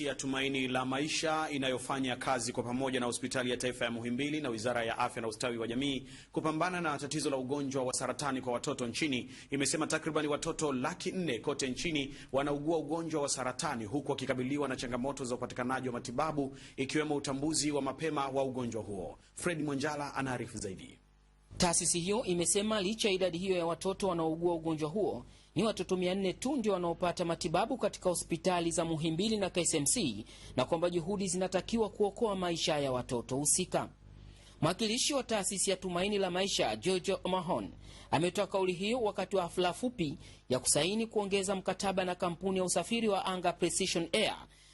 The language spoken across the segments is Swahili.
taasisi ya Tumaini la Maisha inayofanya kazi kwa pamoja na hospitali ya taifa ya Muhimbili na wizara ya afya na ustawi wa jamii kupambana na tatizo la ugonjwa wa saratani kwa watoto nchini imesema takribani watoto laki nne kote nchini wanaugua ugonjwa wa saratani huku wakikabiliwa na changamoto za upatikanaji wa matibabu ikiwemo utambuzi wa mapema wa ugonjwa huo. Fred Mwanjala anaarifu zaidi. Taasisi hiyo imesema licha ya idadi hiyo ya watoto wanaougua ugonjwa huo ni watoto 400 tu ndio wanaopata matibabu katika hospitali za Muhimbili na KSMC na kwamba juhudi zinatakiwa kuokoa maisha ya watoto husika. Mwakilishi wa taasisi ya Tumaini la Maisha Jojo Mahon ametoa kauli hiyo wakati wa hafla fupi ya kusaini kuongeza mkataba na kampuni ya usafiri wa anga Precision Air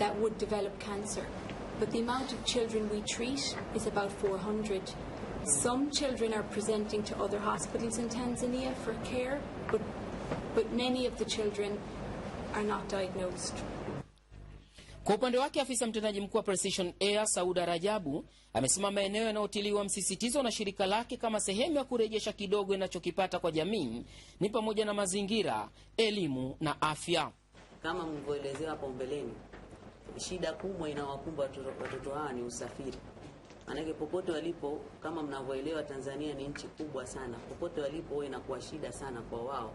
that would develop cancer. But the amount of children we treat is about 400. Some children are presenting to other hospitals in Tanzania for care, but, but many of the children are not diagnosed. Kwa upande wake afisa mtendaji mkuu wa Precision Air Sauda Rajabu amesema maeneo yanayotiliwa msisitizo na shirika lake kama sehemu ya kurejesha kidogo inachokipata kwa jamii ni pamoja na mazingira, elimu na afya. Kama mlivyoelezewa hapo mbeleni, shida kubwa inawakumba watoto, hawa ni usafiri. Maanake popote walipo, kama mnavyoelewa, Tanzania ni nchi kubwa sana. Popote walipo, huwa inakuwa shida sana kwa wao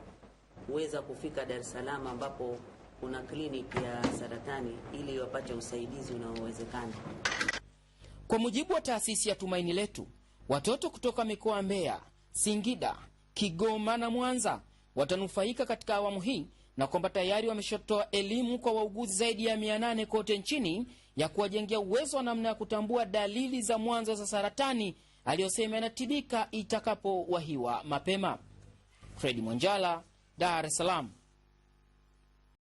kuweza kufika Dar es Salaam ambapo kuna kliniki ya saratani ili wapate usaidizi unaowezekana. Kwa mujibu wa taasisi ya Tumaini Letu, watoto kutoka mikoa Mbeya, Singida, Kigoma na Mwanza watanufaika katika awamu hii na kwamba tayari wameshatoa elimu kwa wauguzi zaidi ya 800 kote nchini ya kuwajengea uwezo wa namna ya kutambua dalili za mwanzo za saratani aliyosema inatibika itakapowahiwa mapema. Fredi Mwanjala, Dar es Salaam.